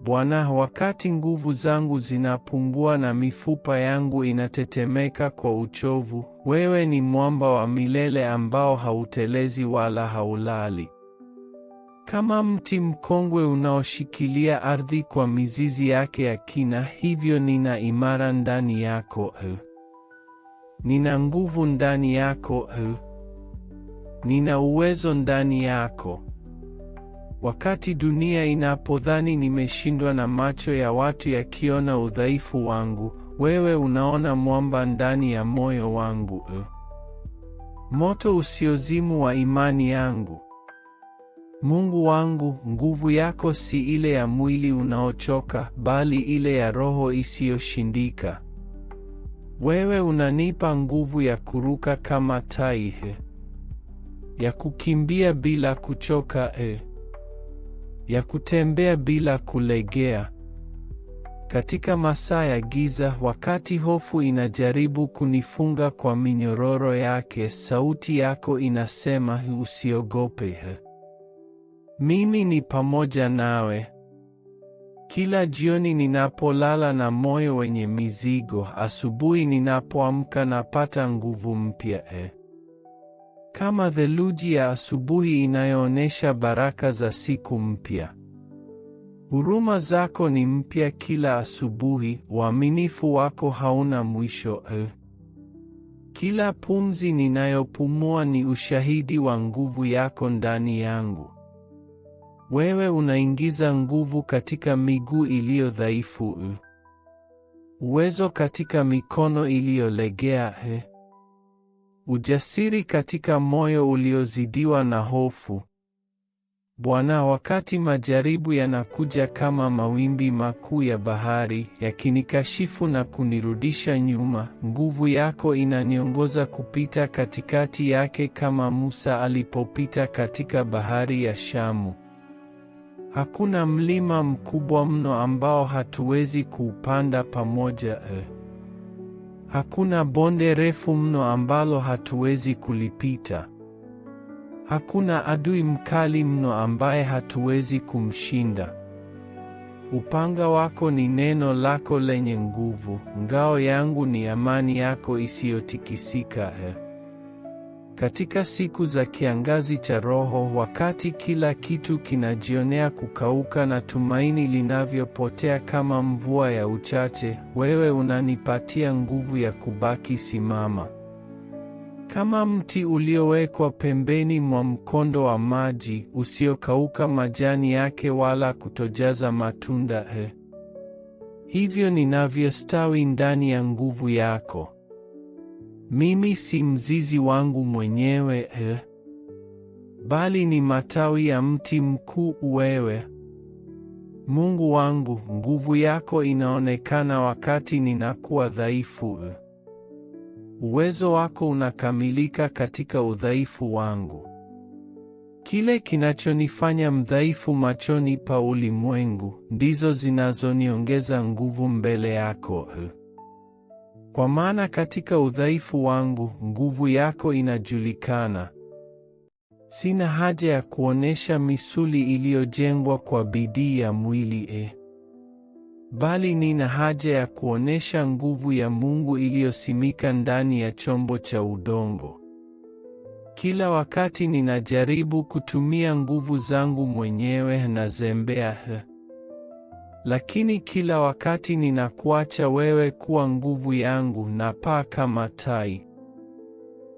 Bwana, wakati nguvu zangu zinapungua na mifupa yangu inatetemeka kwa uchovu, wewe ni mwamba wa milele ambao hautelezi wala haulali. Kama mti mkongwe unaoshikilia ardhi kwa mizizi yake ya kina, hivyo nina imara ndani yako. Eh. Nina nguvu ndani yako. Eh. Nina uwezo ndani yako. Wakati dunia inapodhani nimeshindwa na macho ya watu yakiona udhaifu wangu, wewe unaona mwamba ndani ya moyo wangu, eh. moto usiozimu wa imani yangu. Mungu wangu, nguvu yako si ile ya mwili unaochoka, bali ile ya roho isiyoshindika. Wewe unanipa nguvu ya kuruka kama tai, eh. ya kukimbia bila kuchoka, e ya kutembea bila kulegea. Katika masaa ya giza, wakati hofu inajaribu kunifunga kwa minyororo yake, sauti yako inasema, usiogope, mimi ni pamoja nawe. Kila jioni ninapolala na moyo wenye mizigo, asubuhi ninapoamka napata nguvu mpya. Eh kama theluji ya asubuhi inayoonyesha baraka za siku mpya. Huruma zako ni mpya kila asubuhi, uaminifu wako hauna mwisho. Eh. Kila pumzi ninayopumua ni ushahidi wa nguvu yako ndani yangu. Wewe unaingiza nguvu katika miguu iliyo dhaifu, eh. uwezo katika mikono iliyolegea. Eh ujasiri katika moyo uliozidiwa na hofu. Bwana, wakati majaribu yanakuja kama mawimbi makuu ya bahari, yakinikashifu na kunirudisha nyuma, nguvu yako inaniongoza kupita katikati yake kama Musa alipopita katika bahari ya Shamu. Hakuna mlima mkubwa mno ambao hatuwezi kuupanda pamoja. Eh. Hakuna bonde refu mno ambalo hatuwezi kulipita. Hakuna adui mkali mno ambaye hatuwezi kumshinda. Upanga wako ni neno lako lenye nguvu, ngao yangu ni amani yako isiyotikisika. Eh. Katika siku za kiangazi cha roho, wakati kila kitu kinajionea kukauka na tumaini linavyopotea kama mvua ya uchache, wewe unanipatia nguvu ya kubaki simama. Kama mti uliowekwa pembeni mwa mkondo wa maji, usiokauka majani yake wala kutojaza matunda. He. Eh. Hivyo ninavyostawi ndani ya nguvu yako. Mimi si mzizi wangu mwenyewe eh, bali ni matawi ya mti mkuu wewe. Mungu wangu, nguvu yako inaonekana wakati ninakuwa dhaifu. Eh. Uwezo wako unakamilika katika udhaifu wangu. Kile kinachonifanya mdhaifu machoni pa ulimwengu, ndizo zinazoniongeza nguvu mbele yako. Eh. Kwa maana katika udhaifu wangu nguvu yako inajulikana. Sina haja ya kuonesha misuli iliyojengwa kwa bidii ya mwili e, bali nina haja ya kuonesha nguvu ya Mungu iliyosimika ndani ya chombo cha udongo. Kila wakati ninajaribu kutumia nguvu zangu mwenyewe na zembea e lakini kila wakati ninakuacha wewe kuwa nguvu yangu na paa kama tai.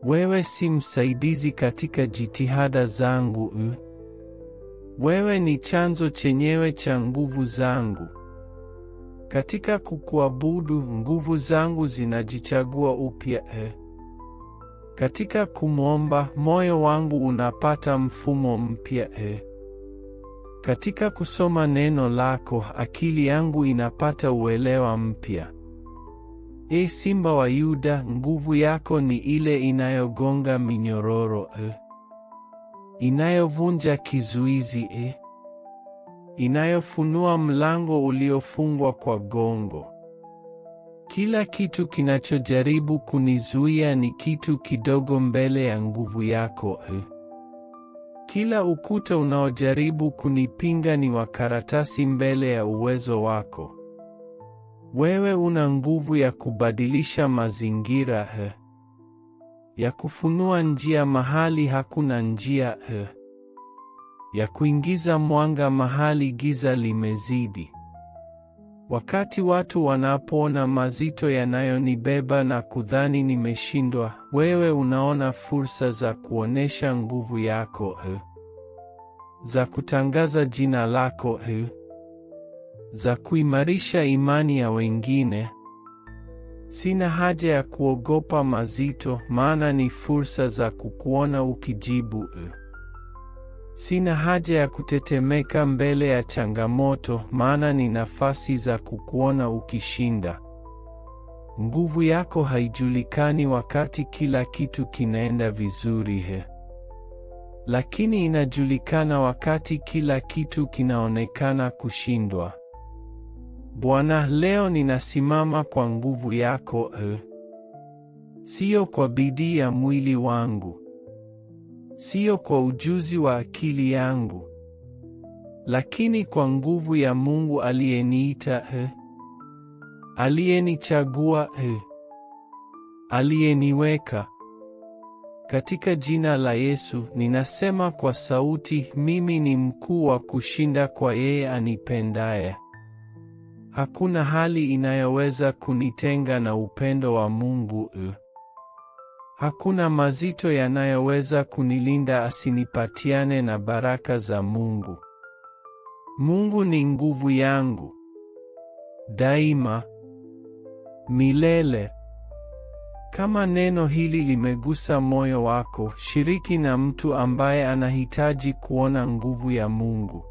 Wewe si msaidizi katika jitihada zangu, wewe ni chanzo chenyewe cha nguvu zangu. Katika kukuabudu nguvu zangu zinajichagua upya. E. Katika kumwomba moyo wangu unapata mfumo mpya. E. Katika kusoma neno lako, akili yangu inapata uelewa mpya. E Simba wa Yuda, nguvu yako ni ile inayogonga minyororo e, inayovunja kizuizi e, inayofunua mlango uliofungwa kwa gongo. Kila kitu kinachojaribu kunizuia ni kitu kidogo mbele ya nguvu yako e. Kila ukuta unaojaribu kunipinga ni wa karatasi mbele ya uwezo wako. Wewe una nguvu ya kubadilisha mazingira he, ya kufunua njia mahali hakuna njia he, ya kuingiza mwanga mahali giza limezidi. Wakati watu wanapoona mazito yanayonibeba na kudhani nimeshindwa, wewe unaona fursa za kuonesha nguvu yako, eh? za kutangaza jina lako, eh? za kuimarisha imani ya wengine. Sina haja ya kuogopa mazito, maana ni fursa za kukuona ukijibu. Eh? Sina haja ya kutetemeka mbele ya changamoto, maana ni nafasi za kukuona ukishinda. Nguvu yako haijulikani wakati kila kitu kinaenda vizuri he, lakini inajulikana wakati kila kitu kinaonekana kushindwa. Bwana, leo ninasimama kwa nguvu yako he, siyo kwa bidii ya mwili wangu sio kwa ujuzi wa akili yangu, lakini kwa nguvu ya Mungu aliyeniita, he, eh, aliyenichagua, he, eh, aliyeniweka. Katika jina la Yesu ninasema kwa sauti, mimi ni mkuu wa kushinda kwa yeye anipendaye. Hakuna hali inayoweza kunitenga na upendo wa Mungu. Eh. Hakuna mazito yanayoweza kunilinda asinipatiane na baraka za Mungu. Mungu ni nguvu yangu daima, milele. Kama neno hili limegusa moyo wako, shiriki na mtu ambaye anahitaji kuona nguvu ya Mungu.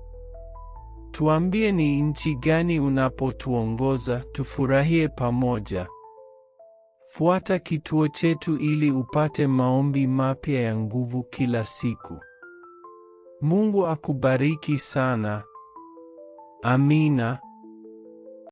Tuambie ni nchi gani unapotuongoza, tufurahie pamoja. Fuata kituo chetu ili upate maombi mapya ya nguvu kila siku. Mungu akubariki sana. Amina.